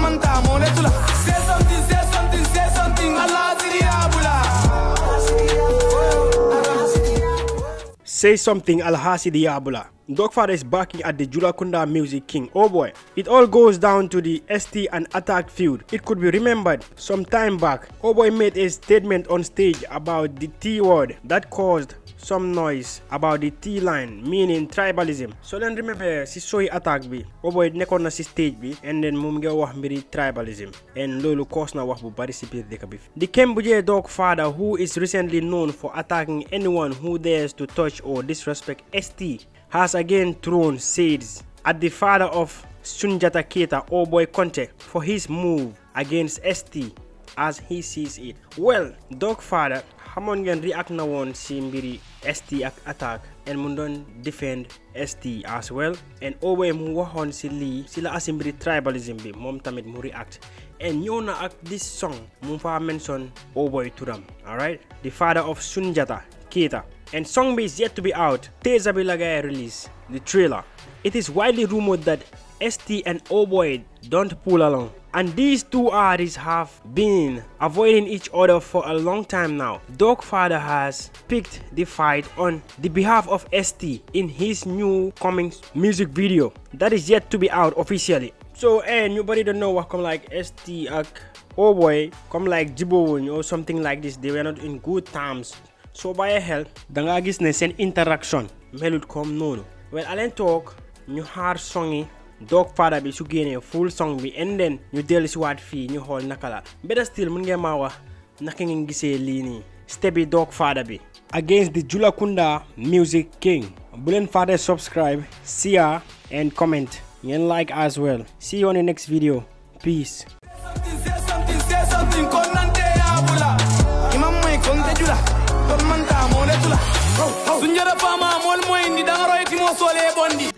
manta mole tula. Say something, say something, say something. Allah Say something, Al Hasi Diabula. Dogfather is barking at the Julakunda Music King. Oh boy. It all goes down to the ST and Attack feud. It could be remembered some time back. Oh boy made a statement on stage about the T word that caused some noise about the T-line meaning tribalism so then remember si sooy attack bi oh boy, nekkoon na si stage bi and then moom wah wax mbiri tribalism and loolu cause na wah bu bari si biir dëkk bi the Kembuje Dogfather who is recently known for attacking anyone who dares to touch or disrespect ST has again thrown shades at the father of Sunjata Keita, oh boy Conte, for his move against ST as he sees it. Well, Doc Father xamoon ngeen react na woon ci mbiri ST ak attaque and mu doon defend ST as well and Oboy mu waxoon ci lii ci la asi mbiri tribalism bi moom tamit mu react and ñëw na ak this song mu fa mention Oboy turam alright the father of Sunjata Keita and song is yet to be out, Teza Zabilagaya release, the trailer. It is widely rumored that ST and Oboy don't pull along. And these two artists have been avoiding each other for a long time now. Dogfather has picked the fight on the behalf of ST in his new coming music video that is yet to be out officially. So eh, nobody don't know what come like ST Oh Boy come like Jibo or something like this. They were not in good terms. soo bàyyee xel danga gis ne seen interaction melut comme noonu wel aleen toog ñu xaar song yi doog bi su génnee full song bi endeen ñu dellu si waat fii ñu xool naka la mbeda still mun ngeen maa wax naka ngeen gisee lii ni step yi doog faada bi against the Julakunda Music King bu leen fàtte subscribe share and comment ngeen like as well see you on the next video peace sunjata fama mol moyndi dangaro e timo sole e ɓondi